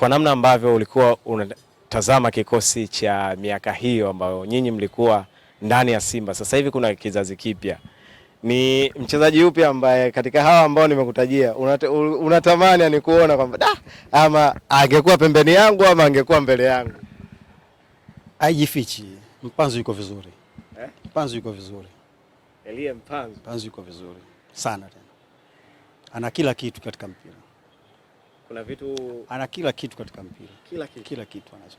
kwa namna ambavyo ulikuwa unatazama kikosi cha miaka hiyo ambayo nyinyi mlikuwa ndani ya Simba, sasa hivi kuna kizazi kipya, ni mchezaji upi ambaye katika hawa ambao nimekutajia unatamani ni kuona kwamba da, ama angekuwa pembeni yangu ama angekuwa mbele yangu? Aijifichi, mpanzo yuko vizuri eh? Mpanzo yuko vizuri Elie Mpanzo. Mpanzo yuko vizuri sana tena, ana kila kitu katika mpira. Kuna vitu ana kila kitu katika mpira, kila kitu, kila kitu anacho.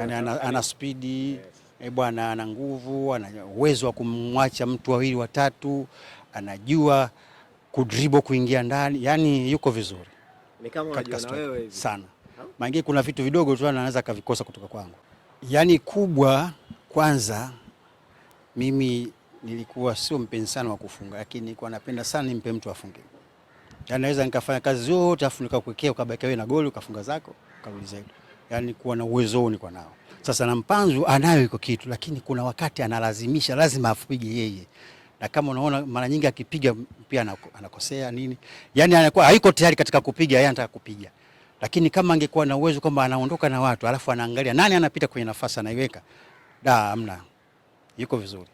Ana, ana, ana spidi yes. Eh, bwana, ana nguvu, ana uwezo wa kumwacha mtu wawili watatu, anajua kudribo kuingia ndani, yani yuko vizuri. Ni kama unajua na wewe hivi sana maingie, kuna vitu vidogo tu anaweza akavikosa kutoka kwangu. Yani kubwa kwanza, mimi nilikuwa sio mpenzi sana wa kufunga, lakini nilikuwa napenda sana nimpe mtu afunge Yaani naweza nikafanya kazi zote afu nikakuwekea ukabaki wewe na goli ukafunga zako, kauli zetu. Yani kuwa na uwezo kwa nao. Sasa na Mpanzu anayo iko kitu, lakini kuna wakati analazimisha lazima afuige yeye. Na kama unaona mara nyingi akipiga pia anakosea nini? Yani anakuwa haiko tayari katika kupiga, yeye anataka kupiga. Lakini kama angekuwa na uwezo kwamba anaondoka na watu, alafu anaangalia nani anapita kwenye nafasi anaiweka. Da, amna. Yuko vizuri.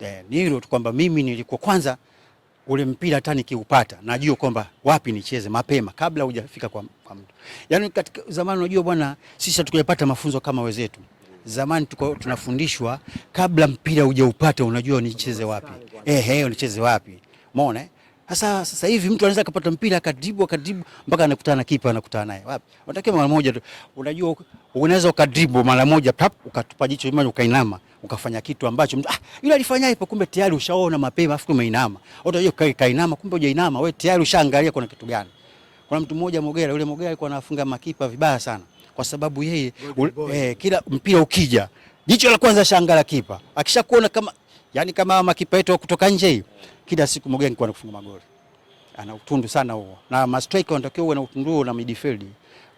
Eh, ni hilo tu kwamba mimi nilikuwa kwanza ule mpira hata nikiupata najua kwamba wapi nicheze mapema kabla hujafika kwa, kwa mtu. Yaani katika zamani unajua bwana, sisi hatukupata mafunzo kama wenzetu. Zamani tuko tunafundishwa kabla mpira hujaupata unajua nicheze wapi. Ehe, nicheze wapi. Umeona? Sasa sasa hivi mtu anaweza kupata mpira akadribu akadribu mpaka anakutana na kipa anakutana naye. Wapi? Unatakiwa mara moja tu. Unajua unaweza ukadribu mara moja tap ukatupa jicho imani ukainama ukafanya kitu ambacho mtu ah, yule alifanya ipo, kumbe tayari ushaona mapema, afu umeinama. hiyo kai kainama, kumbe hujainama wewe, tayari ushaangalia kuna kitu gani. Kuna mtu mmoja Mogera, yule Mogera alikuwa anafunga makipa vibaya sana, kwa sababu yeye eh, kila mpira ukija, jicho la kwanza shangala kipa, akishakuona kama yani kama makipa yetu kutoka nje hiyo, kila siku Mogera alikuwa anafunga magoli, ana utundu sana huo, na mastrike wanatakiwa uwe na utundu na midfield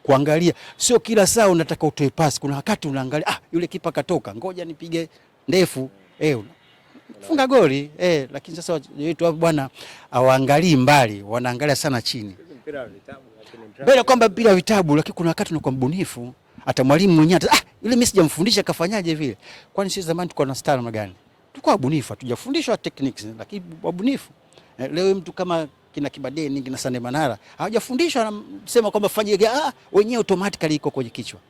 kuangalia, sio kila saa unataka utoe pasi. Kuna wakati unaangalia, ah, yule kipa katoka, ngoja nipige ndefu eh, funga goli eh. Lakini sasa wetu hapo bwana, hawaangalii mbali, wanaangalia sana chini, bila kwamba mpira vitabu. Lakini kuna wakati unakuwa mbunifu, hata mwalimu mwenyewe ah, yule mimi sijamfundisha kafanyaje vile. Kwani sisi zamani tulikuwa na style gani? Tulikuwa wabunifu, hatujafundishwa techniques, lakini wabunifu. Eh, leo mtu kama kina Kibadee ningi na Sande Manara hawajafundishwa anasema kwamba fanyike, ah, wenyewe automatically iko kwenye kichwa.